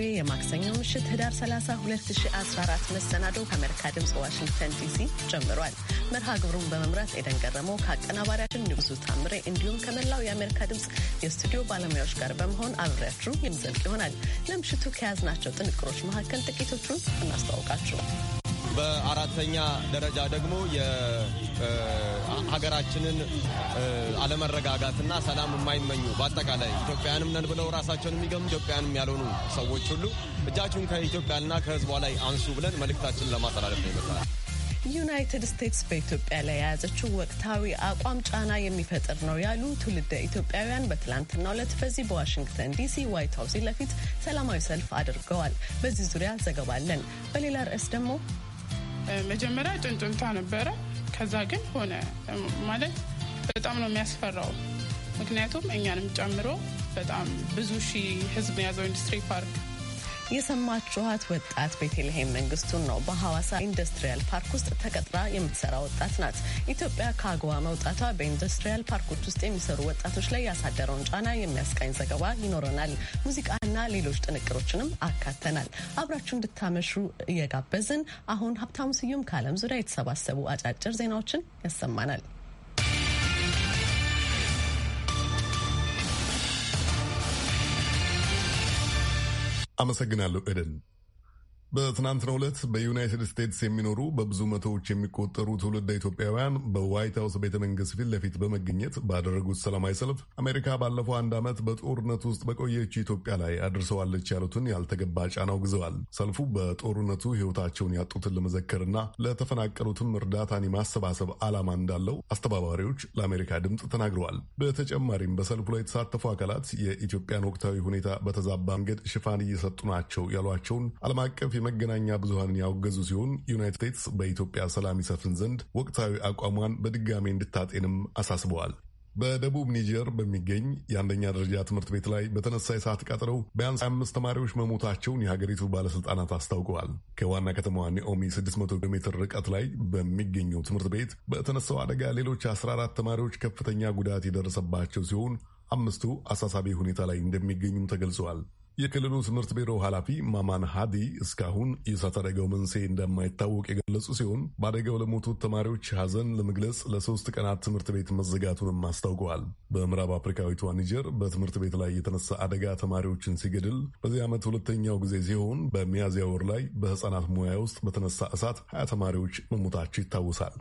ቪኦኤ የማክሰኞ ምሽት ህዳር 30 2014 መሰናዶው ከአሜሪካ ድምፅ ዋሽንግተን ዲሲ ጀምሯል። መርሃ ግብሩን በመምራት ኤደን ገረመው ከአቀናባሪያችን ንጉሱ ታምሬ እንዲሁም ከመላው የአሜሪካ ድምፅ የስቱዲዮ ባለሙያዎች ጋር በመሆን አብሬያችሁ የምዘልቅ ይሆናል። ለምሽቱ ከያዝናቸው ጥንቅሮች መካከል ጥቂቶቹን እናስተዋውቃችሁ። በአራተኛ ደረጃ ደግሞ የሀገራችንን አለመረጋጋትና ሰላም የማይመኙ በአጠቃላይ ኢትዮጵያንም ነን ብለው ራሳቸውን የሚገሙ ኢትዮጵያንም ያልሆኑ ሰዎች ሁሉ እጃችሁን ከኢትዮጵያና ከሕዝቧ ላይ አንሱ ብለን መልእክታችንን ለማስተላለፍ ነው ይመስላል። ዩናይትድ ስቴትስ በኢትዮጵያ ላይ የያዘችው ወቅታዊ አቋም ጫና የሚፈጥር ነው ያሉ ትውልደ ኢትዮጵያውያን በትላንትናው ዕለት በዚህ በዋሽንግተን ዲሲ ዋይት ሀውስ ለፊት ሰላማዊ ሰልፍ አድርገዋል። በዚህ ዙሪያ ዘገባ አለን። በሌላ ርዕስ ደግሞ መጀመሪያ ጭንጭንታ ነበረ። ከዛ ግን ሆነ ማለት በጣም ነው የሚያስፈራው። ምክንያቱም እኛንም ጨምሮ በጣም ብዙ ሺህ ህዝብ የያዘው ኢንዱስትሪ ፓርክ የሰማችኋት ወጣት ቤተልሔም መንግስቱን ነው። በሐዋሳ ኢንዱስትሪያል ፓርክ ውስጥ ተቀጥራ የምትሰራ ወጣት ናት። ኢትዮጵያ ከአጎዋ መውጣቷ በኢንዱስትሪያል ፓርኮች ውስጥ የሚሰሩ ወጣቶች ላይ ያሳደረውን ጫና የሚያስቃኝ ዘገባ ይኖረናል። ሙዚቃና ሌሎች ጥንቅሮችንም አካተናል። አብራችሁ እንድታመሹ እየጋበዝን አሁን ሀብታሙ ስዩም ከዓለም ዙሪያ የተሰባሰቡ አጫጭር ዜናዎችን ያሰማናል። አመሰግናለሁ ኤደን። በትናንትናው ዕለት በዩናይትድ ስቴትስ የሚኖሩ በብዙ መቶዎች የሚቆጠሩ ትውልደ ኢትዮጵያውያን በዋይት ሀውስ ቤተ መንግስት ፊት ለፊት በመገኘት ባደረጉት ሰላማዊ ሰልፍ አሜሪካ ባለፈው አንድ ዓመት በጦርነት ውስጥ በቆየች ኢትዮጵያ ላይ አድርሰዋለች ያሉትን ያልተገባ ጫና አውግዘዋል። ሰልፉ በጦርነቱ ሕይወታቸውን ያጡትን ለመዘከርና ለተፈናቀሉትም እርዳታን የማሰባሰብ ዓላማ እንዳለው አስተባባሪዎች ለአሜሪካ ድምፅ ተናግረዋል። በተጨማሪም በሰልፉ ላይ የተሳተፉ አካላት የኢትዮጵያን ወቅታዊ ሁኔታ በተዛባ መንገድ ሽፋን እየሰጡ ናቸው ያሏቸውን ዓለም አቀፍ የመገናኛ ብዙሃንን ያወገዙ ሲሆን ዩናይትድ ስቴትስ በኢትዮጵያ ሰላም ይሰፍን ዘንድ ወቅታዊ አቋሟን በድጋሚ እንድታጤንም አሳስበዋል። በደቡብ ኒጀር በሚገኝ የአንደኛ ደረጃ ትምህርት ቤት ላይ በተነሳ የሰዓት ቀጥረው ቢያንስ አምስት ተማሪዎች መሞታቸውን የሀገሪቱ ባለስልጣናት አስታውቀዋል። ከዋና ከተማዋ ኒኦሚ 600 ኪሎ ሜትር ርቀት ላይ በሚገኘው ትምህርት ቤት በተነሳው አደጋ ሌሎች 14 ተማሪዎች ከፍተኛ ጉዳት የደረሰባቸው ሲሆን አምስቱ አሳሳቢ ሁኔታ ላይ እንደሚገኙም ተገልጸዋል። የክልሉ ትምህርት ቢሮ ኃላፊ ማማን ሃዲ እስካሁን የእሳት አደጋው መንስኤ እንደማይታወቅ የገለጹ ሲሆን በአደጋው ለሞቱት ተማሪዎች ሐዘን ለመግለጽ ለሶስት ቀናት ትምህርት ቤት መዘጋቱንም አስታውቀዋል። በምዕራብ አፍሪካዊቷ ኒጀር በትምህርት ቤት ላይ የተነሳ አደጋ ተማሪዎችን ሲገድል በዚህ ዓመት ሁለተኛው ጊዜ ሲሆን በሚያዝያ ወር ላይ በሕፃናት ሙያ ውስጥ በተነሳ እሳት ሀያ ተማሪዎች መሞታቸው ይታወሳል።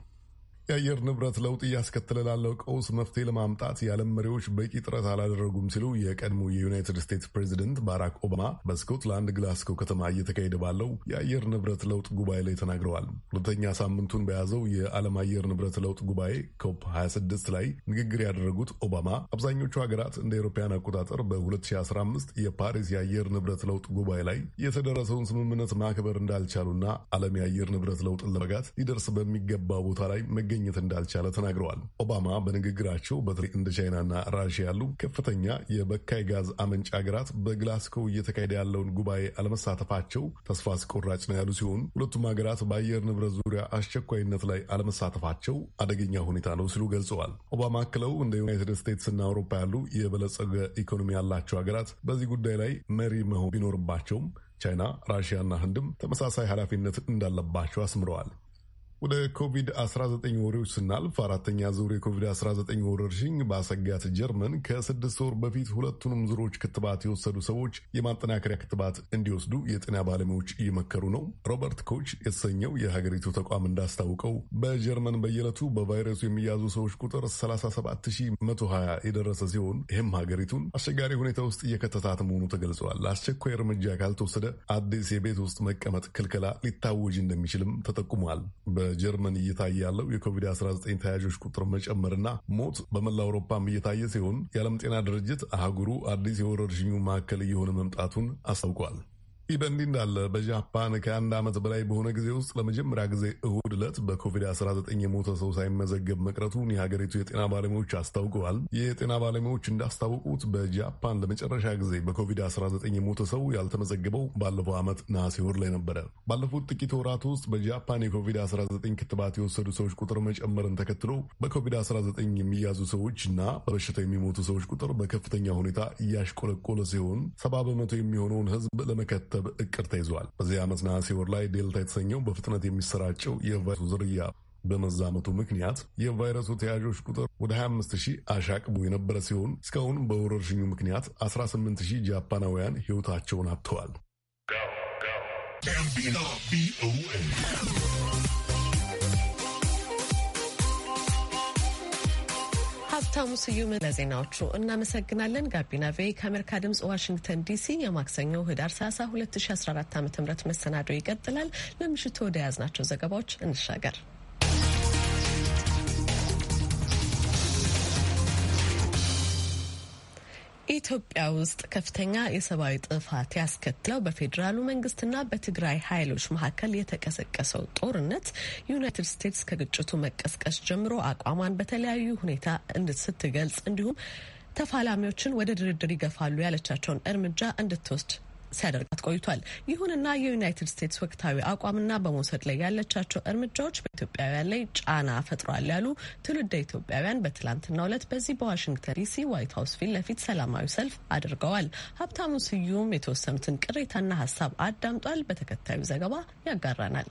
የአየር ንብረት ለውጥ እያስከተለ ላለው ቀውስ መፍትሄ ለማምጣት የዓለም መሪዎች በቂ ጥረት አላደረጉም ሲሉ የቀድሞ የዩናይትድ ስቴትስ ፕሬዚደንት ባራክ ኦባማ በስኮትላንድ ግላስኮ ከተማ እየተካሄደ ባለው የአየር ንብረት ለውጥ ጉባኤ ላይ ተናግረዋል። ሁለተኛ ሳምንቱን በያዘው የዓለም አየር ንብረት ለውጥ ጉባኤ ኮፕ 26 ላይ ንግግር ያደረጉት ኦባማ አብዛኞቹ ሀገራት እንደ አውሮፓውያን አቆጣጠር በ2015 የፓሪስ የአየር ንብረት ለውጥ ጉባኤ ላይ የተደረሰውን ስምምነት ማክበር እንዳልቻሉና ዓለም የአየር ንብረት ለውጥን ለመጋት ሊደርስ በሚገባ ቦታ ላይ መገኘ ማግኘት እንዳልቻለ ተናግረዋል። ኦባማ በንግግራቸው በተለይ እንደ ቻይናና ራሽያ ያሉ ከፍተኛ የበካይ ጋዝ አመንጭ ሀገራት በግላስኮው እየተካሄደ ያለውን ጉባኤ አለመሳተፋቸው ተስፋ አስቆራጭ ነው ያሉ ሲሆን ሁለቱም ሀገራት በአየር ንብረት ዙሪያ አስቸኳይነት ላይ አለመሳተፋቸው አደገኛ ሁኔታ ነው ሲሉ ገልጸዋል። ኦባማ አክለው እንደ ዩናይትድ እና አውሮፓ ያሉ የበለጸገ ኢኮኖሚ ያላቸው ሀገራት በዚህ ጉዳይ ላይ መሪ መሆን ቢኖርባቸውም ቻይና፣ ራሽያና ህንድም ተመሳሳይ ኃላፊነት እንዳለባቸው አስምረዋል። ወደ ኮቪድ-19 ወሬዎች ስናልፍ አራተኛ ዙር የኮቪድ-19 ወረርሽኝ ባሰጋት ጀርመን ከስድስት ወር በፊት ሁለቱንም ዙሮች ክትባት የወሰዱ ሰዎች የማጠናከሪያ ክትባት እንዲወስዱ የጤና ባለሙያዎች እየመከሩ ነው። ሮበርት ኮች የተሰኘው የሀገሪቱ ተቋም እንዳስታውቀው በጀርመን በየዕለቱ በቫይረሱ የሚያዙ ሰዎች ቁጥር 37120 የደረሰ ሲሆን ይህም ሀገሪቱን አስቸጋሪ ሁኔታ ውስጥ እየከተታት መሆኑ ተገልጸዋል። አስቸኳይ እርምጃ ካልተወሰደ አዲስ የቤት ውስጥ መቀመጥ ክልከላ ሊታወጅ እንደሚችልም ተጠቁሟል። በጀርመን እየታየ ያለው የኮቪድ-19 ተያዦች ቁጥር መጨመርና ሞት በመላ አውሮፓም እየታየ ሲሆን የዓለም ጤና ድርጅት አህጉሩ አዲስ የወረርሽኙ ማዕከል እየሆነ መምጣቱን አስታውቋል። ይህ በእንዲህ እንዳለ በጃፓን ከአንድ ዓመት በላይ በሆነ ጊዜ ውስጥ ለመጀመሪያ ጊዜ እሁድ ዕለት በኮቪድ-19 የሞተ ሰው ሳይመዘገብ መቅረቱን የሀገሪቱ የጤና ባለሙያዎች አስታውቀዋል። የጤና ባለሙያዎች እንዳስታወቁት በጃፓን ለመጨረሻ ጊዜ በኮቪድ-19 የሞተ ሰው ያልተመዘገበው ባለፈው ዓመት ነሐሴ ወር ላይ ነበረ። ባለፉት ጥቂት ወራት ውስጥ በጃፓን የኮቪድ-19 ክትባት የወሰዱ ሰዎች ቁጥር መጨመርን ተከትሎ በኮቪድ-19 የሚያዙ ሰዎች እና በበሽታው የሚሞቱ ሰዎች ቁጥር በከፍተኛ ሁኔታ እያሽቆለቆለ ሲሆን ሰባ በመቶ የሚሆነውን ሕዝብ ለመከተል ለመሰብሰብ እቅድ ተይዟል። በዚህ ዓመት ነሐሴ ወር ላይ ዴልታ የተሰኘው በፍጥነት የሚሰራጨው የቫይረሱ ዝርያ በመዛመቱ ምክንያት የቫይረሱ ተያዦች ቁጥር ወደ 25 ሺህ አሻቅቦ የነበረ ሲሆን እስካሁን በወረርሽኙ ምክንያት 18 ሺህ ጃፓናውያን ሕይወታቸውን አጥተዋል። ሀብታሙ ስዩም ለዜናዎቹ እናመሰግናለን። ጋቢና ቬ ከአሜሪካ ድምጽ ዋሽንግተን ዲሲ የማክሰኞ ህዳር 30 2014 ዓ ም መሰናዶ ይቀጥላል። ለምሽቱ ወደ ያዝናቸው ዘገባዎች እንሻገር። ኢትዮጵያ ውስጥ ከፍተኛ የሰብአዊ ጥፋት ያስከትለው በፌዴራሉ መንግስትና በትግራይ ኃይሎች መካከል የተቀሰቀሰው ጦርነት ዩናይትድ ስቴትስ ከግጭቱ መቀስቀስ ጀምሮ አቋሟን በተለያዩ ሁኔታ ስትገልጽ እንዲሁም ተፋላሚዎችን ወደ ድርድር ይገፋሉ ያለቻቸውን እርምጃ እንድትወስድ ሲያደርጋት ቆይቷል። ይሁንና የዩናይትድ ስቴትስ ወቅታዊ አቋምና በመውሰድ ላይ ያለቻቸው እርምጃዎች በኢትዮጵያውያን ላይ ጫና ፈጥሯል ያሉ ትውልደ ኢትዮጵያውያን በትላንትናው ዕለት በዚህ በዋሽንግተን ዲሲ ዋይት ሀውስ ፊት ለፊት ሰላማዊ ሰልፍ አድርገዋል። ሀብታሙ ስዩም የተወሰኑትን ቅሬታና ሀሳብ አዳምጧል። በተከታዩ ዘገባ ያጋራናል።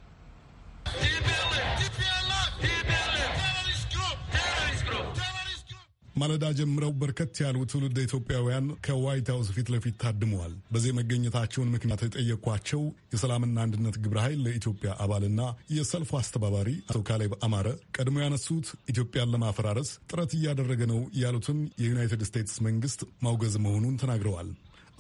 ማለዳ ጀምረው በርከት ያሉ ትውልድ ኢትዮጵያውያን ከዋይት ሀውስ ፊት ለፊት ታድመዋል። በዚህ መገኘታቸውን ምክንያት የጠየኳቸው የሰላምና አንድነት ግብረ ኃይል ለኢትዮጵያ አባልና የሰልፉ አስተባባሪ አቶ ካሌብ አማረ ቀድሞ ያነሱት ኢትዮጵያን ለማፈራረስ ጥረት እያደረገ ነው ያሉትን የዩናይትድ ስቴትስ መንግስት ማውገዝ መሆኑን ተናግረዋል።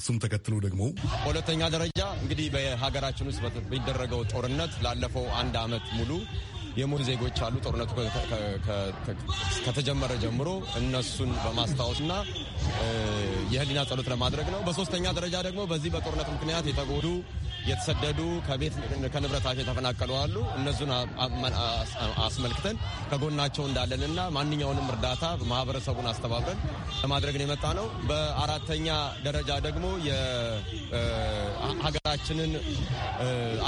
እሱም ተከትሎ ደግሞ በሁለተኛ ደረጃ እንግዲህ በሀገራችን ውስጥ በሚደረገው ጦርነት ላለፈው አንድ ዓመት ሙሉ የሞት ዜጎች አሉ። ጦርነቱ ከተጀመረ ጀምሮ እነሱን በማስታወስና የህሊና ጸሎት ለማድረግ ነው። በሶስተኛ ደረጃ ደግሞ በዚህ በጦርነት ምክንያት የተጎዱ የተሰደዱ ከቤት ከንብረታቸው የተፈናቀሉ አሉ። እነሱን አስመልክተን ከጎናቸው እንዳለንና ማንኛውንም እርዳታ ማህበረሰቡን አስተባብረን ለማድረግን የመጣ ነው። በአራተኛ ደረጃ ደግሞ የሀገራችንን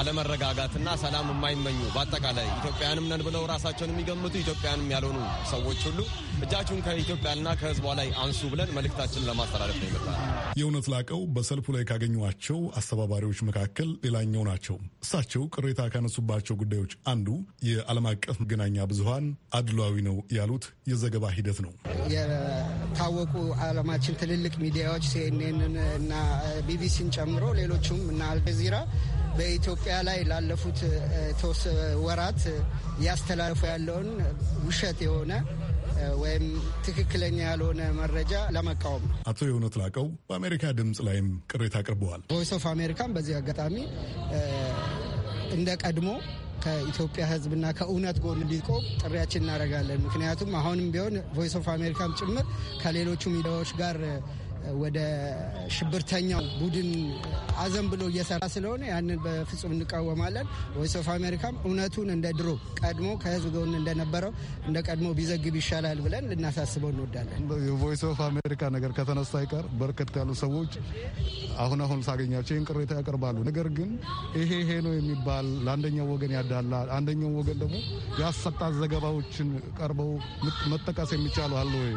አለመረጋጋትና ሰላም የማይመኙ በአጠቃላይ ኢትዮጵያን ኢትዮጵያንም ነን ብለው ራሳቸውን የሚገምቱ ኢትዮጵያንም ያልሆኑ ሰዎች ሁሉ እጃችሁን ከኢትዮጵያና ከህዝቧ ላይ አንሱ ብለን መልእክታችንን ለማስተላለፍ ነው ይመጣል። የእውነት ላቀው በሰልፉ ላይ ካገኟቸው አስተባባሪዎች መካከል ሌላኛው ናቸው። እሳቸው ቅሬታ ካነሱባቸው ጉዳዮች አንዱ የዓለም አቀፍ መገናኛ ብዙሀን አድሏዊ ነው ያሉት የዘገባ ሂደት ነው። የታወቁ ዓለማችን ትልልቅ ሚዲያዎች ሲኤንኤንን እና ቢቢሲን ጨምሮ ሌሎቹም እና አልጀዚራ በኢትዮጵያ ላይ ላለፉት ተወሰ ወራት እያስተላለፉ ያለውን ውሸት የሆነ ወይም ትክክለኛ ያልሆነ መረጃ ለመቃወም ነው። አቶ የእውነት ላቀው በአሜሪካ ድምፅ ላይም ቅሬታ አቅርበዋል። ቮይስ ኦፍ አሜሪካን በዚህ አጋጣሚ እንደ ቀድሞ ከኢትዮጵያ ሕዝብና ከእውነት ጎን እንዲቆም ጥሪያችን እናደርጋለን። ምክንያቱም አሁንም ቢሆን ቮይስ ኦፍ አሜሪካም ጭምር ከሌሎቹ ሚዲያዎች ጋር ወደ ሽብርተኛው ቡድን አዘን ብሎ እየሰራ ስለሆነ ያንን በፍጹም እንቃወማለን። ቮይስ ኦፍ አሜሪካም እውነቱን እንደ ድሮ ቀድሞ ከህዝብ ጎን እንደነበረው እንደ ቀድሞ ቢዘግብ ይሻላል ብለን ልናሳስበው እንወዳለን። የቮይስ ኦፍ አሜሪካ ነገር ከተነሳ አይቀር በርከት ያሉ ሰዎች አሁን አሁን ሳገኛቸው ይህን ቅሬታ ያቀርባሉ። ነገር ግን ይሄ ይሄ ነው የሚባል ለአንደኛው ወገን ያዳላ፣ አንደኛው ወገን ደግሞ ያሰጣት ዘገባዎችን ቀርበው መጠቀስ የሚቻሉ አለ ወይ?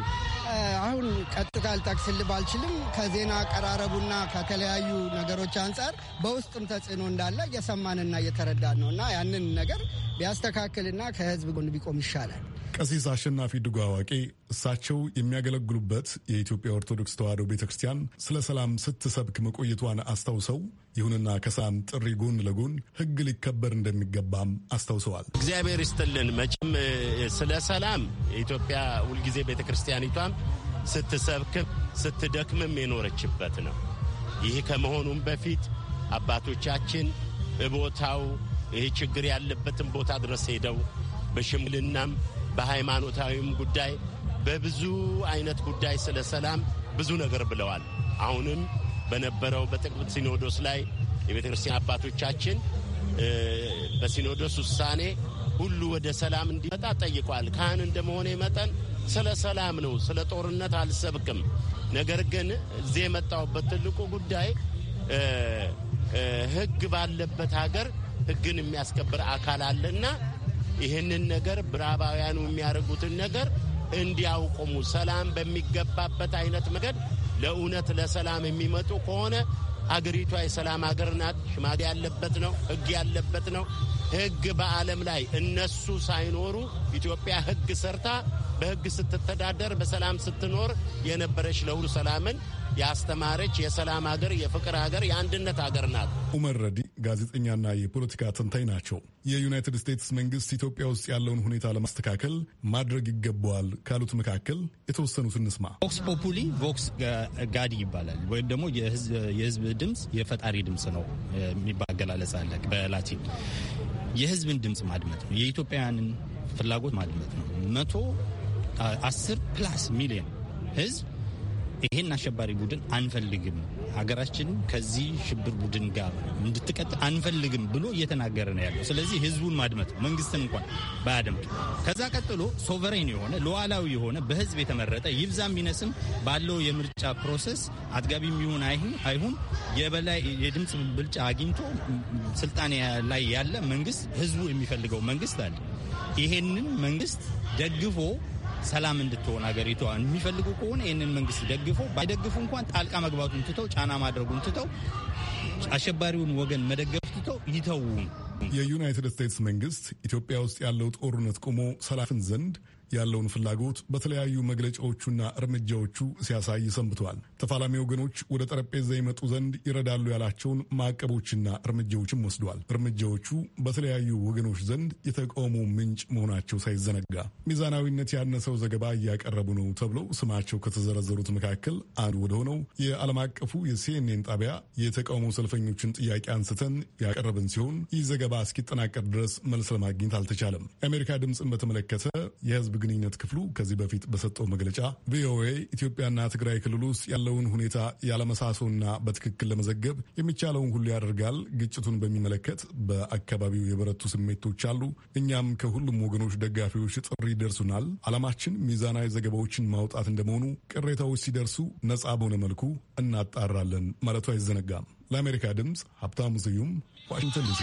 አሁን ቀጥታ ልጠቅስልህ ባልች ባንችልም ከዜና አቀራረቡና ከተለያዩ ነገሮች አንጻር በውስጥም ተጽዕኖ እንዳለ እየሰማንና እየተረዳን ነው እና ያንን ነገር ቢያስተካክልና ከህዝብ ጎን ቢቆም ይሻላል። ቀሲስ አሸናፊ ድጉ አዋቂ እሳቸው የሚያገለግሉበት የኢትዮጵያ ኦርቶዶክስ ተዋሕዶ ቤተ ክርስቲያን ስለ ሰላም ስትሰብክ መቆየቷን አስታውሰው፣ ይሁንና ከሰላም ጥሪ ጎን ለጎን ሕግ ሊከበር እንደሚገባም አስታውሰዋል። እግዚአብሔር ይስጥልን። መቼም ስለ ሰላም የኢትዮጵያ ሁልጊዜ ቤተ ክርስቲያኒቷም ስትሰብክም ስትደክምም የኖረችበት ነው። ይህ ከመሆኑም በፊት አባቶቻችን እቦታው ይህ ችግር ያለበትን ቦታ ድረስ ሄደው በሽምግልናም በሃይማኖታዊም ጉዳይ በብዙ አይነት ጉዳይ ስለ ሰላም ብዙ ነገር ብለዋል። አሁንም በነበረው በጥቅምት ሲኖዶስ ላይ የቤተ ክርስቲያን አባቶቻችን በሲኖዶስ ውሳኔ ሁሉ ወደ ሰላም እንዲመጣ ጠይቋል። ካህን እንደመሆኔ መጠን ስለ ሰላም ነው፣ ስለ ጦርነት አልሰብክም። ነገር ግን እዚህ የመጣሁበት ትልቁ ጉዳይ ህግ ባለበት ሀገር ህግን የሚያስከብር አካል አለና ይህንን ነገር ብራባውያኑ የሚያደርጉትን ነገር እንዲያውቁሙ ሰላም በሚገባበት አይነት መንገድ ለእውነት ለሰላም የሚመጡ ከሆነ አገሪቷ የሰላም ሀገር ናት። ሽማግሌ ያለበት ነው። ህግ ያለበት ነው። ህግ በዓለም ላይ እነሱ ሳይኖሩ ኢትዮጵያ ህግ ሰርታ በህግ ስትተዳደር በሰላም ስትኖር የነበረች ለሁሉ ሰላምን ያስተማረች የሰላም ሀገር፣ የፍቅር ሀገር፣ የአንድነት ሀገር ናት። ኡመር ረዲ ጋዜጠኛና የፖለቲካ ተንታኝ ናቸው። የዩናይትድ ስቴትስ መንግስት ኢትዮጵያ ውስጥ ያለውን ሁኔታ ለማስተካከል ማድረግ ይገባዋል ካሉት መካከል የተወሰኑት እንስማ። ቮክስ ፖፑሊ ቮክስ ጋዲ ይባላል ወይም ደግሞ የህዝብ ድምፅ የፈጣሪ ድምፅ ነው የሚባል አገላለጽ አለ በላቲን። የህዝብን ድምፅ ማድመጥ ነው። የኢትዮጵያውያንን ፍላጎት ማድመጥ ነው መቶ አስር ፕላስ ሚሊዮን ህዝብ ይሄን አሸባሪ ቡድን አንፈልግም፣ ሀገራችን ከዚህ ሽብር ቡድን ጋር እንድትቀጥል አንፈልግም ብሎ እየተናገረ ነው ያለው። ስለዚህ ህዝቡን ማድመጥ መንግስትን እንኳን ባያደምጡ፣ ከዛ ቀጥሎ ሶቨሬን የሆነ ሉዓላዊ የሆነ በህዝብ የተመረጠ ይብዛ የሚነስም ባለው የምርጫ ፕሮሰስ አጥጋቢ የሚሆን አይሁን የበላይ የድምፅ ብልጫ አግኝቶ ስልጣን ላይ ያለ መንግስት ህዝቡ የሚፈልገው መንግስት አለ። ይሄንን መንግስት ደግፎ ሰላም እንድትሆን ሀገሪቷ የሚፈልጉ ከሆነ ይህንን መንግስት ደግፎ ባይደግፉ እንኳን ጣልቃ መግባቱን ትተው ጫና ማድረጉን ትተው አሸባሪውን ወገን መደገፍ ትተው ይተዉ። የዩናይትድ ስቴትስ መንግስት ኢትዮጵያ ውስጥ ያለው ጦርነት ቆሞ ሰላፍን ዘንድ ያለውን ፍላጎት በተለያዩ መግለጫዎቹና እርምጃዎቹ ሲያሳይ ሰንብተዋል። ተፋላሚ ወገኖች ወደ ጠረጴዛ ይመጡ ዘንድ ይረዳሉ ያላቸውን ማዕቀቦችና እርምጃዎችም ወስደዋል። እርምጃዎቹ በተለያዩ ወገኖች ዘንድ የተቃውሞ ምንጭ መሆናቸው ሳይዘነጋ ሚዛናዊነት ያነሰው ዘገባ እያቀረቡ ነው ተብለው ስማቸው ከተዘረዘሩት መካከል አንዱ ወደሆነው የዓለም አቀፉ የሲኤንኤን ጣቢያ የተቃውሞ ሰልፈኞችን ጥያቄ አንስተን ያቀረብን ሲሆን ይህ ዘገባ እስኪጠናቀር ድረስ መልስ ለማግኘት አልተቻለም። የአሜሪካ ድምፅን በተመለከተ የህዝብ ግንኙነት ክፍሉ ከዚህ በፊት በሰጠው መግለጫ ቪኦኤ ኢትዮጵያና ትግራይ ክልል ውስጥ ያለውን ሁኔታ ያለመሳሰውና በትክክል ለመዘገብ የሚቻለውን ሁሉ ያደርጋል። ግጭቱን በሚመለከት በአካባቢው የበረቱ ስሜቶች አሉ። እኛም ከሁሉም ወገኖች ደጋፊዎች ጥሪ ይደርሱናል። ዓላማችን ሚዛናዊ ዘገባዎችን ማውጣት እንደመሆኑ ቅሬታዎች ሲደርሱ ነጻ በሆነ መልኩ እናጣራለን ማለቱ አይዘነጋም። ለአሜሪካ ድምፅ ሀብታሙ ስዩም ዋሽንግተን ዲሲ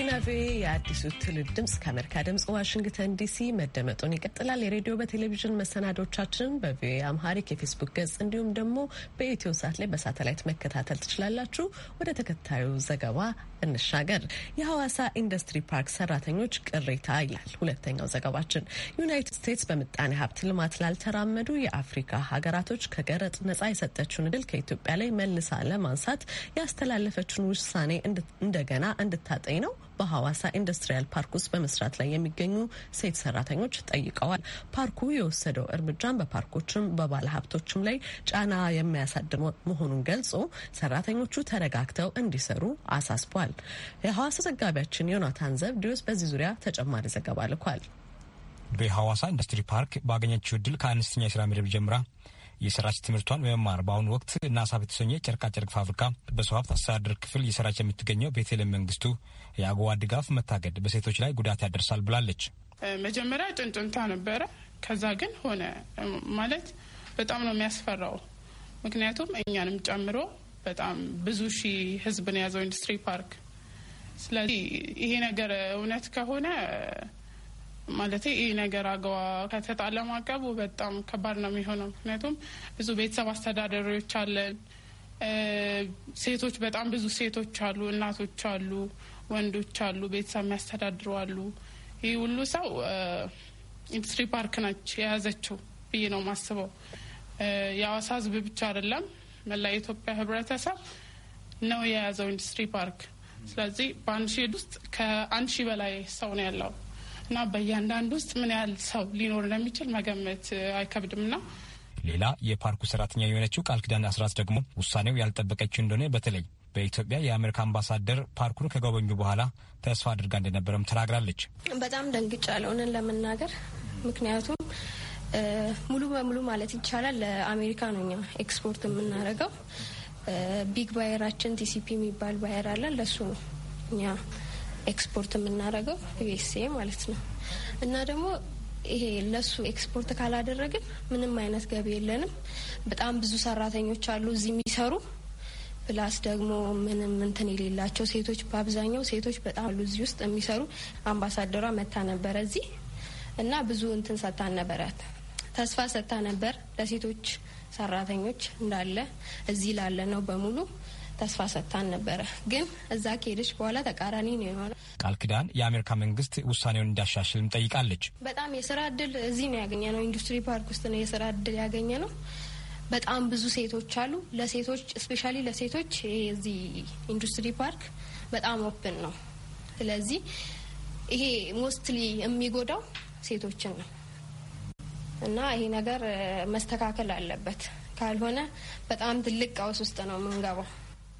ጋቢና ቪ የአዲሱ ትውልድ ድምፅ ከአሜሪካ ድምፅ ዋሽንግተን ዲሲ መደመጡን ይቀጥላል። የሬዲዮ በቴሌቪዥን መሰናዶቻችንን በቪኦኤ አምሃሪክ የፌስቡክ ገጽ እንዲሁም ደግሞ በኢትዮ ሳት ላይ በሳተላይት መከታተል ትችላላችሁ። ወደ ተከታዩ ዘገባ እንሻገር። የሐዋሳ ኢንዱስትሪ ፓርክ ሰራተኞች ቅሬታ ይላል ሁለተኛው ዘገባችን። ዩናይትድ ስቴትስ በምጣኔ ሀብት ልማት ላልተራመዱ የአፍሪካ ሀገራቶች ከገረጥ ነጻ የሰጠችውን እድል ከኢትዮጵያ ላይ መልሳ ለማንሳት ያስተላለፈችውን ውሳኔ እንደገና እንድታጠኝ ነው በሐዋሳ ኢንዱስትሪያል ፓርክ ውስጥ በመስራት ላይ የሚገኙ ሴት ሰራተኞች ጠይቀዋል። ፓርኩ የወሰደው እርምጃን በፓርኮችም በባለ ሀብቶችም ላይ ጫና የሚያሳድር መሆኑን ገልጾ ሰራተኞቹ ተረጋግተው እንዲሰሩ አሳስቧል። የሐዋሳ ዘጋቢያችን ዮናታን ዘብዲዮስ በዚህ ዙሪያ ተጨማሪ ዘገባ ልኳል። በሐዋሳ ኢንዱስትሪ ፓርክ ባገኘችው እድል ከአነስተኛ የስራ መደብ ጀምራ የሰራች ትምህርቷን በመማር በአሁኑ ወቅት ናሳ በተሰኘ ጨርቃጨርቅ ፋብሪካ በሰው ሀብት አስተዳደር ክፍል የሰራች የምትገኘው ቤተልሔም መንግስቱ የአጎዋ ድጋፍ መታገድ በሴቶች ላይ ጉዳት ያደርሳል ብላለች። መጀመሪያ ጭንጭንታ ነበረ። ከዛ ግን ሆነ ማለት በጣም ነው የሚያስፈራው። ምክንያቱም እኛንም ጨምሮ በጣም ብዙ ሺህ ህዝብ ነው የያዘው ኢንዱስትሪ ፓርክ። ስለዚህ ይሄ ነገር እውነት ከሆነ ማለት ይህ ነገር አገዋ ከተጣ ለማቀቡ በጣም ከባድ ነው የሚሆነው። ምክንያቱም ብዙ ቤተሰብ አስተዳደሪዎች አለን። ሴቶች በጣም ብዙ ሴቶች አሉ፣ እናቶች አሉ፣ ወንዶች አሉ፣ ቤተሰብ የሚያስተዳድሩ አሉ። ይህ ሁሉ ሰው ኢንዱስትሪ ፓርክ ነች የያዘችው ብዬ ነው ማስበው። የአዋሳ ህዝብ ብቻ አይደለም መላ የኢትዮጵያ ህብረተሰብ ነው የያዘው ኢንዱስትሪ ፓርክ። ስለዚህ በአንድ ሼድ ውስጥ ከአንድ ሺህ በላይ ሰው ነው ያለው። እና በእያንዳንድ ውስጥ ምን ያህል ሰው ሊኖር እንደሚችል መገመት አይከብድም ና ሌላ የፓርኩ ሰራተኛ የሆነችው ቃል ኪዳን አስራት ደግሞ ውሳኔው ያልጠበቀችው እንደሆነ በተለይ በኢትዮጵያ የአሜሪካ አምባሳደር ፓርኩን ከጎበኙ በኋላ ተስፋ አድርጋ እንደነበረም ተናግራለች። በጣም ደንግጫለሁ እውነቱን ለመናገር ምክንያቱም ሙሉ በሙሉ ማለት ይቻላል ለአሜሪካ ነው እኛ ኤክስፖርት የምናደርገው። ቢግ ባየራችን ቲሲፒ የሚባል ባየር አለን። ለሱ ነው እኛ ኤክስፖርት የምናደርገው ዩኤስኤ ማለት ነው እና ደግሞ ይሄ ለሱ ኤክስፖርት ካላደረግን ምንም አይነት ገቢ የለንም። በጣም ብዙ ሰራተኞች አሉ እዚህ የሚሰሩ ፕላስ ደግሞ ምንም እንትን የሌላቸው ሴቶች፣ በአብዛኛው ሴቶች በጣም አሉ እዚህ ውስጥ የሚሰሩ። አምባሳደሯ መታ ነበረ እዚህ እና ብዙ እንትን ሰታን ነበራት፣ ተስፋ ሰታ ነበር ለሴቶች ሰራተኞች እንዳለ እዚህ ላለ ነው በሙሉ ተስፋ ሰጥታን ነበረ። ግን እዛ ከሄደች በኋላ ተቃራኒ ነው የሆነ። ቃል ኪዳን የአሜሪካ መንግስት ውሳኔውን እንዳሻሽልም ጠይቃለች። በጣም የስራ እድል እዚህ ነው ያገኘ ነው፣ ኢንዱስትሪ ፓርክ ውስጥ ነው የስራ እድል ያገኘ ነው። በጣም ብዙ ሴቶች አሉ። ለሴቶች እስፔሻሊ ለሴቶች የዚህ ኢንዱስትሪ ፓርክ በጣም ኦፕን ነው። ስለዚህ ይሄ ሞስትሊ የሚጎዳው ሴቶችን ነው እና ይሄ ነገር መስተካከል አለበት። ካልሆነ በጣም ትልቅ ቀውስ ውስጥ ነው የምንገባው።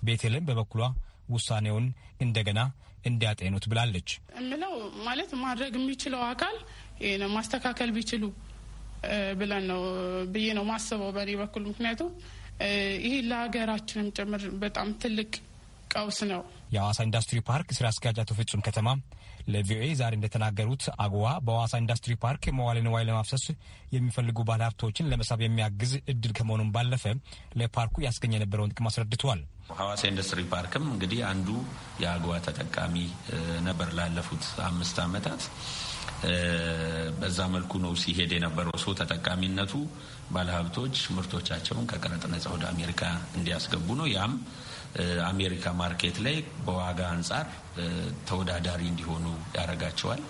ቤቴልም በበኩሏ ውሳኔውን እንደገና እንዲያጤኑት ብላለች። እምለው ማለት ማድረግ የሚችለው አካል ማስተካከል ቢችሉ ብለን ነው ብዬ ነው ማስበው በእኔ በኩል ምክንያቱም ይህ ለሀገራችንም ጭምር በጣም ትልቅ ቀውስ ነው። የአዋሳ ኢንዱስትሪ ፓርክ ስራ አስኪያጅ አቶ ፍጹም ከተማ ለቪኦኤ ዛሬ እንደተናገሩት አጎዋ በሐዋሳ ኢንዱስትሪ ፓርክ መዋለ ንዋይ ለማፍሰስ የሚፈልጉ ባለሀብቶችን ለመሳብ የሚያግዝ እድል ከመሆኑም ባለፈ ለፓርኩ ያስገኘ የነበረውን ጥቅም አስረድቷል። ሐዋሳ ኢንዱስትሪ ፓርክም እንግዲህ አንዱ የአጎዋ ተጠቃሚ ነበር ላለፉት አምስት ዓመታት። በዛ መልኩ ነው ሲሄድ የነበረው ሰው ተጠቃሚነቱ ባለሀብቶች ምርቶቻቸውን ከቀረጥ ነጻ ወደ አሜሪካ እንዲያስገቡ ነው ያም አሜሪካ ማርኬት ላይ በዋጋ አንጻር ተወዳዳሪ እንዲሆኑ ያደርጋቸዋል።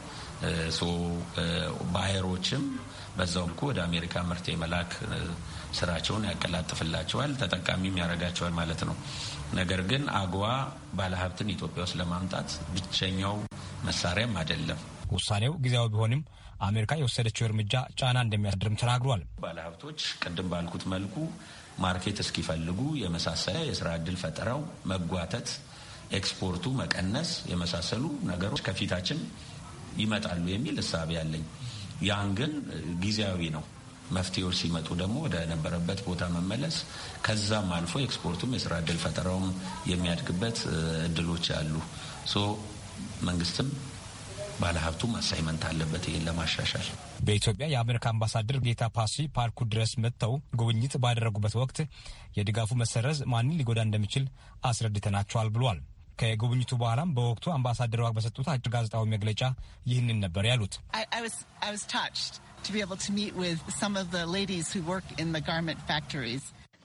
ባየሮችም በዛው ልኩ ወደ አሜሪካ ምርት የመላክ ስራቸውን ያቀላጥፍላቸዋል፣ ተጠቃሚም ያደርጋቸዋል ማለት ነው። ነገር ግን አግዋ ባለሀብትን ኢትዮጵያ ውስጥ ለማምጣት ብቸኛው መሳሪያም አይደለም። ውሳኔው ጊዜያዊ ቢሆንም አሜሪካ የወሰደችው እርምጃ ጫና እንደሚያሳድርም ተናግሯል። ባለሀብቶች ቅድም ባልኩት መልኩ ማርኬት እስኪፈልጉ የመሳሰለ የስራ እድል ፈጠራው መጓተት፣ ኤክስፖርቱ መቀነስ የመሳሰሉ ነገሮች ከፊታችን ይመጣሉ የሚል እሳቤ ያለኝ፣ ያን ግን ጊዜያዊ ነው። መፍትሄዎች ሲመጡ ደግሞ ወደ ነበረበት ቦታ መመለስ ከዛም አልፎ ኤክስፖርቱም የስራ እድል ፈጠራውም የሚያድግበት እድሎች አሉ። ሶ መንግስትም ባለሀብቱም አሳይመንት አለበት ይህን ለማሻሻል። በኢትዮጵያ የአሜሪካ አምባሳደር ጌታ ፓሲ ፓርኩ ድረስ መጥተው ጉብኝት ባደረጉበት ወቅት የድጋፉ መሰረዝ ማንን ሊጎዳ እንደሚችል አስረድተናቸዋል ብሏል። ከጉብኝቱ በኋላም በወቅቱ አምባሳደሯ በሰጡት አጭር ጋዜጣዊ መግለጫ ይህንን ነበር ያሉት።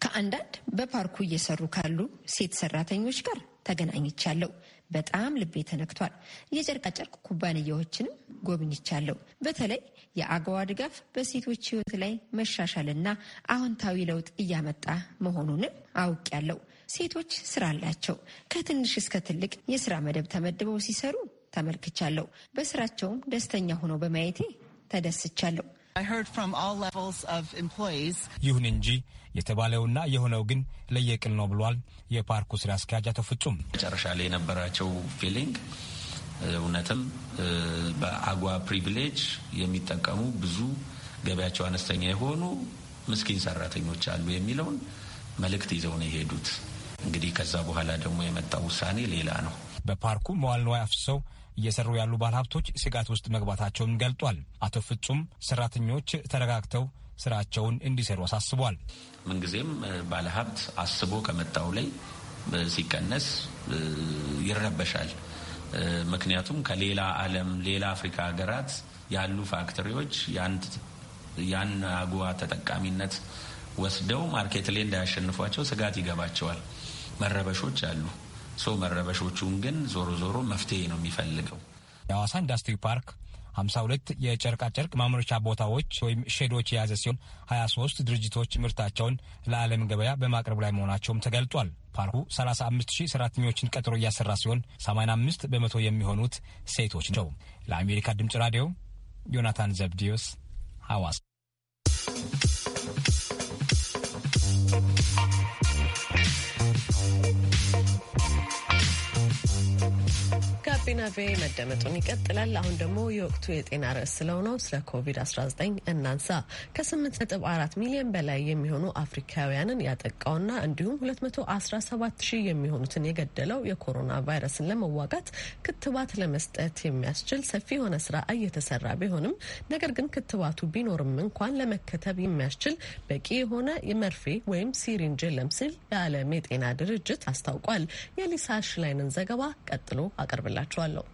ከአንዳንድ በፓርኩ እየሰሩ ካሉ ሴት ሰራተኞች ጋር ተገናኝቻለሁ። በጣም ልቤ ተነክቷል። የጨርቃጨርቅ ኩባንያዎችንም ጎብኝቻለሁ። በተለይ የአገዋ ድጋፍ በሴቶች ህይወት ላይ መሻሻልና አዎንታዊ ለውጥ እያመጣ መሆኑንም አውቄያለሁ። ሴቶች ስራ አላቸው። ከትንሽ እስከ ትልቅ የስራ መደብ ተመድበው ሲሰሩ ተመልክቻለሁ። በስራቸውም ደስተኛ ሆነው በማየቴ ተደስቻለሁ። ይሁን እንጂ የተባለውና የሆነው ግን ለየቅል ነው ብሏል የፓርኩ ስራ አስኪያጅ አቶ ፍጹም። መጨረሻ ላይ የነበራቸው ፊሊንግ እውነትም በአጓ ፕሪቪሌጅ የሚጠቀሙ ብዙ ገቢያቸው አነስተኛ የሆኑ ምስኪን ሰራተኞች አሉ የሚለውን መልእክት ይዘው ነው የሄዱት። እንግዲህ ከዛ በኋላ ደግሞ የመጣው ውሳኔ ሌላ ነው። በፓርኩ መዋል ነዋይ አፍሰው እየሰሩ ያሉ ባለሀብቶች ስጋት ውስጥ መግባታቸውን ገልጧል። አቶ ፍጹም ሰራተኞች ተረጋግተው ስራቸውን እንዲሰሩ አሳስቧል። ምንጊዜም ባለሀብት አስቦ ከመጣው ላይ ሲቀነስ ይረበሻል። ምክንያቱም ከሌላ ዓለም ሌላ አፍሪካ ሀገራት ያሉ ፋክተሪዎች ያን አጉዋ ተጠቃሚነት ወስደው ማርኬት ላይ እንዳያሸንፏቸው ስጋት ይገባቸዋል። መረበሾች አሉ። ሰው መረበሾቹን ግን ዞሮ ዞሮ መፍትሄ ነው የሚፈልገው። የሐዋሳ ኢንዱስትሪ ፓርክ 52 የጨርቃጨርቅ ማምረቻ ቦታዎች ወይም ሼዶች የያዘ ሲሆን 23 ድርጅቶች ምርታቸውን ለዓለም ገበያ በማቅረብ ላይ መሆናቸውም ተገልጧል። ፓርኩ 35 ሺህ ሰራተኞችን ቀጥሮ እያሰራ ሲሆን 85 በመቶ የሚሆኑት ሴቶች ነው። ለአሜሪካ ድምፅ ራዲዮ ዮናታን ዘብዲዮስ ሐዋሳ። ጋቢና ቪኦኤ መደመጡን ይቀጥላል። አሁን ደግሞ የወቅቱ የጤና ርዕስ ስለሆነው ስለ ኮቪድ-19 እናንሳ። ከ8.4 ሚሊዮን በላይ የሚሆኑ አፍሪካውያንን ያጠቃውና እንዲሁም 217 የሚሆኑትን የገደለው የኮሮና ቫይረስን ለመዋጋት ክትባት ለመስጠት የሚያስችል ሰፊ የሆነ ስራ እየተሰራ ቢሆንም ነገር ግን ክትባቱ ቢኖርም እንኳን ለመከተብ የሚያስችል በቂ የሆነ የመርፌ ወይም ሲሪንጅ የለም ሲል የዓለም የጤና ድርጅት አስታውቋል። የሊሳ ሽላይንን ዘገባ ቀጥሎ አቀርብላቸዋል። Hello.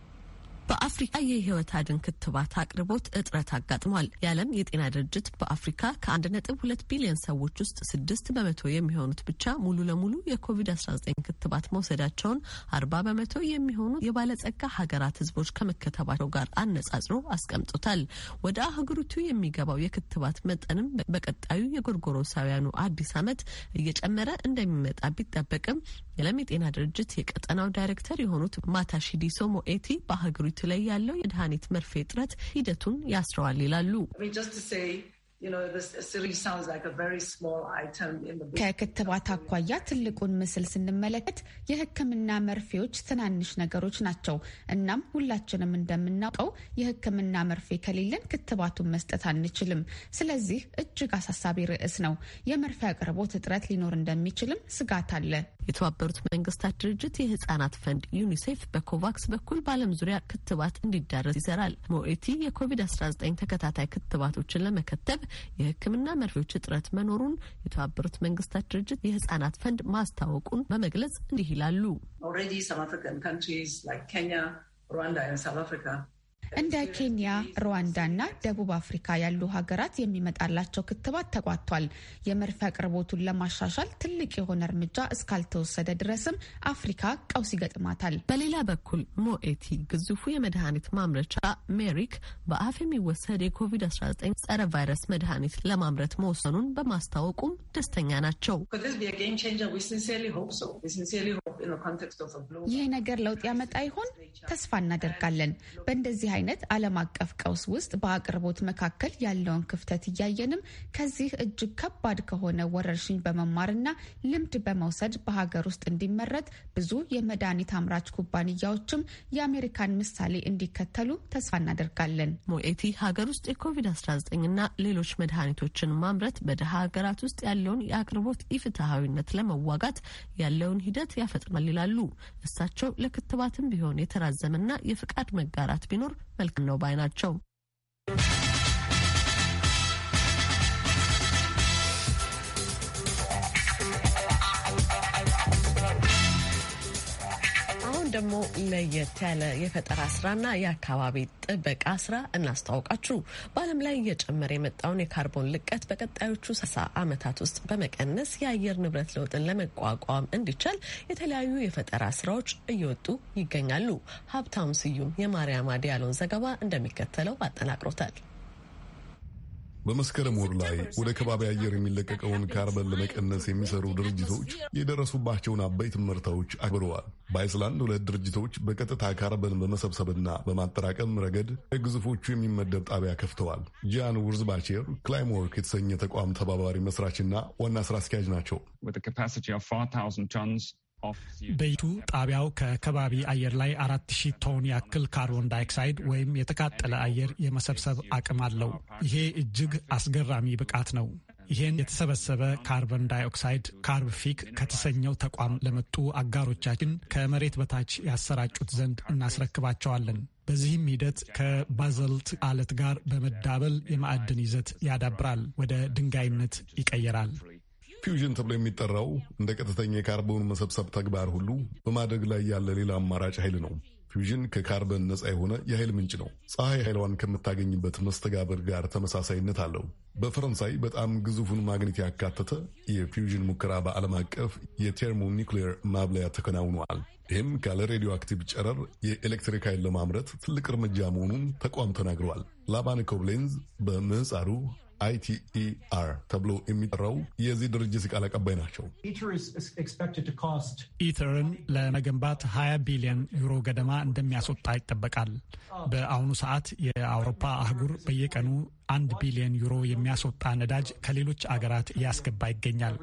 በአፍሪካ የህይወት አድን ክትባት አቅርቦት እጥረት አጋጥሟል። የዓለም የጤና ድርጅት በአፍሪካ ከ1.2 ቢሊዮን ሰዎች ውስጥ ስድስት በመቶ የሚሆኑት ብቻ ሙሉ ለሙሉ የኮቪድ-19 ክትባት መውሰዳቸውን 40 በመቶ የሚሆኑ የባለጸጋ ሀገራት ህዝቦች ከመከተባቸው ጋር አነጻጽሮ አስቀምጦታል። ወደ አህጉሪቱ የሚገባው የክትባት መጠንም በቀጣዩ የጎርጎሮሳውያኑ አዲስ ዓመት እየጨመረ እንደሚመጣ ቢጠበቅም የዓለም የጤና ድርጅት የቀጠናው ዳይሬክተር የሆኑት ማታሺዲሶ ሞኤቲ በአህጉሪቱ በሀገሪቱ ላይ ያለው የድሃኒት መርፌ እጥረት ሂደቱን ያስረዋል ይላሉ። ከክትባት አኳያ ትልቁን ምስል ስንመለከት የሕክምና መርፌዎች ትናንሽ ነገሮች ናቸው። እናም ሁላችንም እንደምናውቀው የሕክምና መርፌ ከሌለን ክትባቱን መስጠት አንችልም። ስለዚህ እጅግ አሳሳቢ ርዕስ ነው። የመርፌ አቅርቦት እጥረት ሊኖር እንደሚችልም ስጋት አለ። የተባበሩት መንግስታት ድርጅት የህጻናት ፈንድ ዩኒሴፍ በኮቫክስ በኩል በዓለም ዙሪያ ክትባት እንዲዳረስ ይሰራል። ሞኤቲ የኮቪድ-19 ተከታታይ ክትባቶችን ለመከተብ የህክምና መርፌዎች እጥረት መኖሩን የተባበሩት መንግስታት ድርጅት የህጻናት ፈንድ ማስታወቁን በመግለጽ እንዲህ ይላሉ። እንደ ኬንያ፣ እና ደቡብ አፍሪካ ያሉ ሀገራት የሚመጣላቸው ክትባት ተጓቷል። የመርፌ አቅርቦቱን ለማሻሻል ትልቅ የሆነ እርምጃ እስካልተወሰደ ድረስም አፍሪካ ቀውስ ይገጥማታል። በሌላ በኩል ሞኤቲ ግዙፉ የመድኃኒት ማምረቻ ሜሪክ በአፍ የሚወሰድ የኮቪድ-19 ጸረ ቫይረስ መድኃኒት ለማምረት መወሰኑን በማስታወቁም ደስተኛ ናቸው። ይህ ነገር ለውጥ ያመጣ ይሆን? ተስፋ እናደርጋለን። በእንደዚህ አይነት ዓለም አቀፍ ቀውስ ውስጥ በአቅርቦት መካከል ያለውን ክፍተት እያየንም ከዚህ እጅግ ከባድ ከሆነ ወረርሽኝ በመማርና ልምድ በመውሰድ በሀገር ውስጥ እንዲመረት ብዙ የመድኃኒት አምራች ኩባንያዎችም የአሜሪካን ምሳሌ እንዲከተሉ ተስፋ እናደርጋለን። ሞኤቲ ሀገር ውስጥ የኮቪድ-19ና ሌሎች መድኃኒቶችን ማምረት በድሀ ሀገራት ውስጥ ያለውን የአቅርቦት ኢፍትሐዊነት ለመዋጋት ያለውን ሂደት ያፈጥናል ይላሉ። እሳቸው ለክትባትም ቢሆን የተራዘመና የፍቃድ መጋራት ቢኖር መልካም ነው ባይ ናቸው። ደግሞ ለየት ያለ የፈጠራ ስራና የአካባቢ ጥበቃ ስራ እናስተዋውቃችሁ። በዓለም ላይ እየጨመረ የመጣውን የካርቦን ልቀት በቀጣዮቹ ሰሳ ዓመታት ውስጥ በመቀነስ የአየር ንብረት ለውጥን ለመቋቋም እንዲቻል የተለያዩ የፈጠራ ስራዎች እየወጡ ይገኛሉ። ሀብታሙ ስዩም የማርያማ ያለውን ዘገባ እንደሚከተለው አጠናቅሮታል። በመስከረም ወር ላይ ወደ ከባቢ አየር የሚለቀቀውን ካርበን ለመቀነስ የሚሰሩ ድርጅቶች የደረሱባቸውን አበይት ምርታዎች አክብረዋል። በአይስላንድ ሁለት ድርጅቶች በቀጥታ ካርበን በመሰብሰብና በማጠራቀም ረገድ ግዙፎቹ የሚመደብ ጣቢያ ከፍተዋል። ጃን ውርዝባቼር ክላይምወርክ የተሰኘ ተቋም ተባባሪ መስራችና ዋና ስራ አስኪያጅ ናቸው። በይቱ ጣቢያው ከከባቢ አየር ላይ አራት ሺህ ቶን ያክል ካርቦን ዳይኦክሳይድ ወይም የተቃጠለ አየር የመሰብሰብ አቅም አለው። ይሄ እጅግ አስገራሚ ብቃት ነው። ይህን የተሰበሰበ ካርቦን ዳይኦክሳይድ ካርብ ፊክ ከተሰኘው ተቋም ለመጡ አጋሮቻችን ከመሬት በታች ያሰራጩት ዘንድ እናስረክባቸዋለን። በዚህም ሂደት ከባዘልት አለት ጋር በመዳበል የማዕድን ይዘት ያዳብራል፣ ወደ ድንጋይነት ይቀየራል። ፊውዥን ተብሎ የሚጠራው እንደ ቀጥተኛ የካርቦን መሰብሰብ ተግባር ሁሉ በማደግ ላይ ያለ ሌላ አማራጭ ኃይል ነው። ፊውዥን ከካርበን ነፃ የሆነ የኃይል ምንጭ ነው። ፀሐይ ኃይሏን ከምታገኝበት መስተጋብር ጋር ተመሳሳይነት አለው። በፈረንሳይ በጣም ግዙፉን ማግኔት ያካተተ የፊውዥን ሙከራ በዓለም አቀፍ የቴርሞ ኒውክሌር ማብለያ ተከናውኗል። ይህም ካለ ሬዲዮ አክቲቭ ጨረር የኤሌክትሪክ ኃይል ለማምረት ትልቅ እርምጃ መሆኑን ተቋም ተናግረዋል። ላባን ኮብሌንዝ በምህፃሩ አይቲኢአር e ተብሎ የሚጠራው የዚህ ድርጅት ቃል አቀባይ ናቸው። ኢተርን ለመገንባት 20 ቢሊዮን ዩሮ ገደማ እንደሚያስወጣ ይጠበቃል። በአሁኑ ሰዓት የአውሮፓ አህጉር በየቀኑ አንድ ቢሊዮን ዩሮ የሚያስወጣ ነዳጅ ከሌሎች አገራት እያስገባ ይገኛል።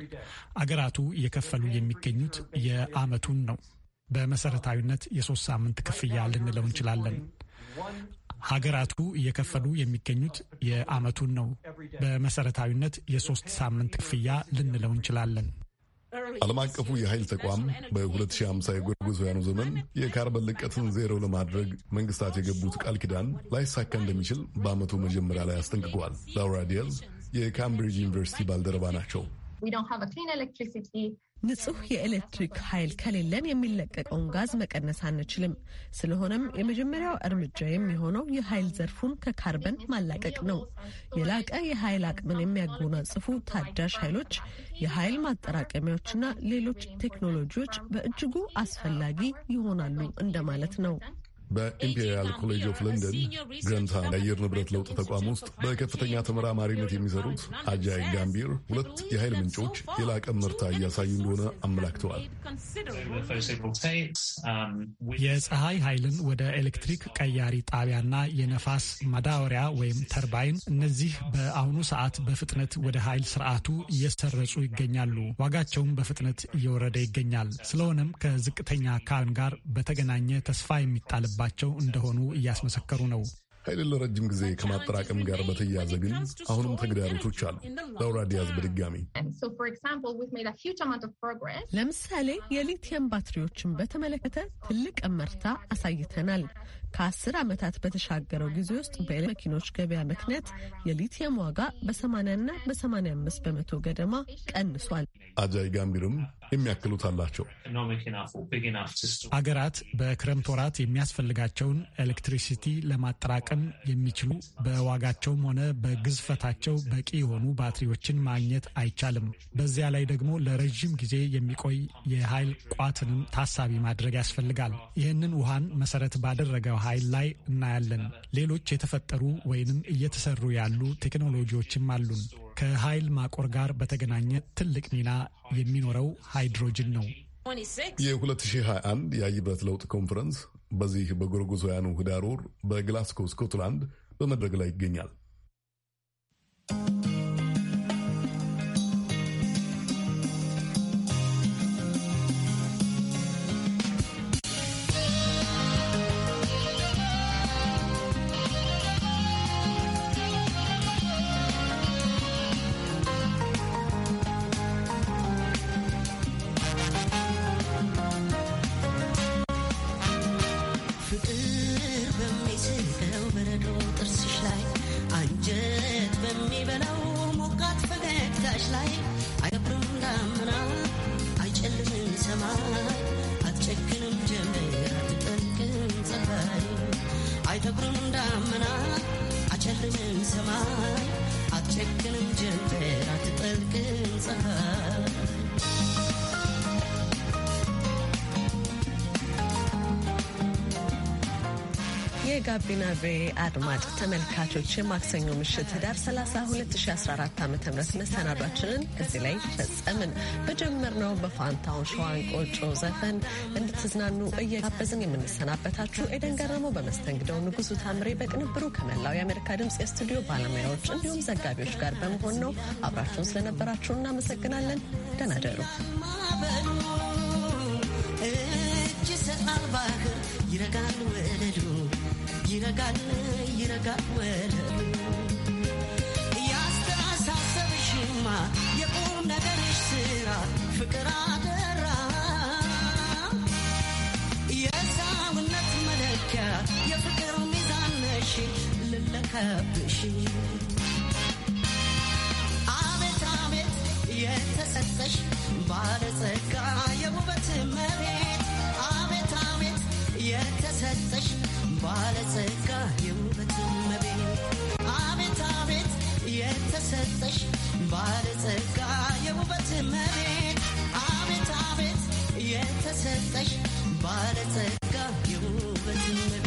አገራቱ እየከፈሉ የሚገኙት የአመቱን ነው። በመሰረታዊነት የሶስት ሳምንት ክፍያ ልንለው እንችላለን። ሀገራቱ እየከፈሉ የሚገኙት የአመቱን ነው። በመሰረታዊነት የሶስት ሳምንት ክፍያ ልንለው እንችላለን። ዓለም አቀፉ የኃይል ተቋም በ2050 የጎርጎሳውያኑ ዘመን የካርበን ልቀትን ዜሮ ለማድረግ መንግስታት የገቡት ቃል ኪዳን ላይሳካ እንደሚችል በዓመቱ መጀመሪያ ላይ አስጠንቅቀዋል። ላውራ ዲያዝ የካምብሪጅ ዩኒቨርሲቲ ባልደረባ ናቸው። ንጹህ የኤሌክትሪክ ኃይል ከሌለን የሚለቀቀውን ጋዝ መቀነስ አንችልም። ስለሆነም የመጀመሪያው እርምጃ የሚሆነው የኃይል ዘርፉን ከካርበን ማላቀቅ ነው። የላቀ የኃይል አቅምን የሚያጎናጽፉ ታዳሽ ኃይሎች፣ የኃይል ማጠራቀሚያዎችና ሌሎች ቴክኖሎጂዎች በእጅጉ አስፈላጊ ይሆናሉ እንደማለት ነው። በኢምፔሪያል ኮሌጅ ኦፍ ለንደን ግረንታ የአየር ንብረት ለውጥ ተቋም ውስጥ በከፍተኛ ተመራማሪነት የሚሰሩት አጃይ ጋምቢር ሁለት የኃይል ምንጮች የላቀ ምርታ እያሳዩ እንደሆነ አመላክተዋል። የፀሐይ ኃይልን ወደ ኤሌክትሪክ ቀያሪ ጣቢያና የነፋስ ማዳወሪያ ወይም ተርባይን፣ እነዚህ በአሁኑ ሰዓት በፍጥነት ወደ ኃይል ስርዓቱ እየሰረጹ ይገኛሉ። ዋጋቸውም በፍጥነት እየወረደ ይገኛል። ስለሆነም ከዝቅተኛ ካልን ጋር በተገናኘ ተስፋ የሚጣልበት ያለባቸው እንደሆኑ እያስመሰከሩ ነው። ኃይል ለረጅም ጊዜ ከማጠራቀም ጋር በተያያዘ ግን አሁንም ተግዳሮቶች አሉ። ላውራ ዲያዝ በድጋሚ ለምሳሌ የሊቲየም ባትሪዎችን በተመለከተ ትልቅ እመርታ አሳይተናል። ከአስር ዓመታት በተሻገረው ጊዜ ውስጥ በኤሌክትሪክ መኪኖች ገበያ ምክንያት የሊቲየም ዋጋ በ80ና በ85 በመቶ ገደማ ቀንሷል። አጃይ ጋምቢርም የሚያክሉት አላቸው። አገራት በክረምት ወራት የሚያስፈልጋቸውን ኤሌክትሪሲቲ ለማጠራቀም የሚችሉ በዋጋቸውም ሆነ በግዝፈታቸው በቂ የሆኑ ባትሪዎችን ማግኘት አይቻልም። በዚያ ላይ ደግሞ ለረዥም ጊዜ የሚቆይ የኃይል ቋትንም ታሳቢ ማድረግ ያስፈልጋል። ይህንን ውሃን መሰረት ባደረገው በሰው ኃይል ላይ እናያለን። ሌሎች የተፈጠሩ ወይንም እየተሰሩ ያሉ ቴክኖሎጂዎችም አሉን። ከኃይል ማቆር ጋር በተገናኘ ትልቅ ሚና የሚኖረው ሃይድሮጅን ነው። የ2021 የአየር ለውጥ ኮንፈረንስ በዚህ በጎርጎሳውያኑ ህዳር ወር በግላስኮ ስኮትላንድ በመድረክ ላይ ይገኛል። የጋቢና ቬ አድማጭ ተመልካቾች የማክሰኞ ምሽት ህዳር 30 2014 ዓ ም መሰናዷችንን እዚህ ላይ ፈጸምን። በጀመርነው በፋንታውን ሸዋን ቆጮ ዘፈን እንድትዝናኑ እየጋበዝን የምንሰናበታችሁ ኤደን ገረመው በመስተንግደው፣ ንጉሱ ታምሬ በቅንብሩ ከመላው የአሜሪካ ድምፅ የስቱዲዮ ባለሙያዎች እንዲሁም ዘጋቢዎች ጋር በመሆን ነው። አብራችሁን ስለነበራችሁ እናመሰግናለን። ደህና ደሩ። እጅ ይረጋል ወደ ይረጋል ይረጋል ወለሉ ያስተሳሰብሽማ የቁም ነገርሽ ስራ ፍቅር አደራ የሰውነት መለኪያ የፍቅር ሚዛን ነሽ ልለከብሽ አቤት አቤት የተሰጠሽ ባለጸጋ የውበት መሬት አቤት አቤት የተሰጠሽ ባለጸጋ የውበት እመቤት አቤት አቤት የተሰጠሽ ባለጸጋ የውበት እመቤት አቤት አቤት የተሰጠሽ ባለጸጋ የውበት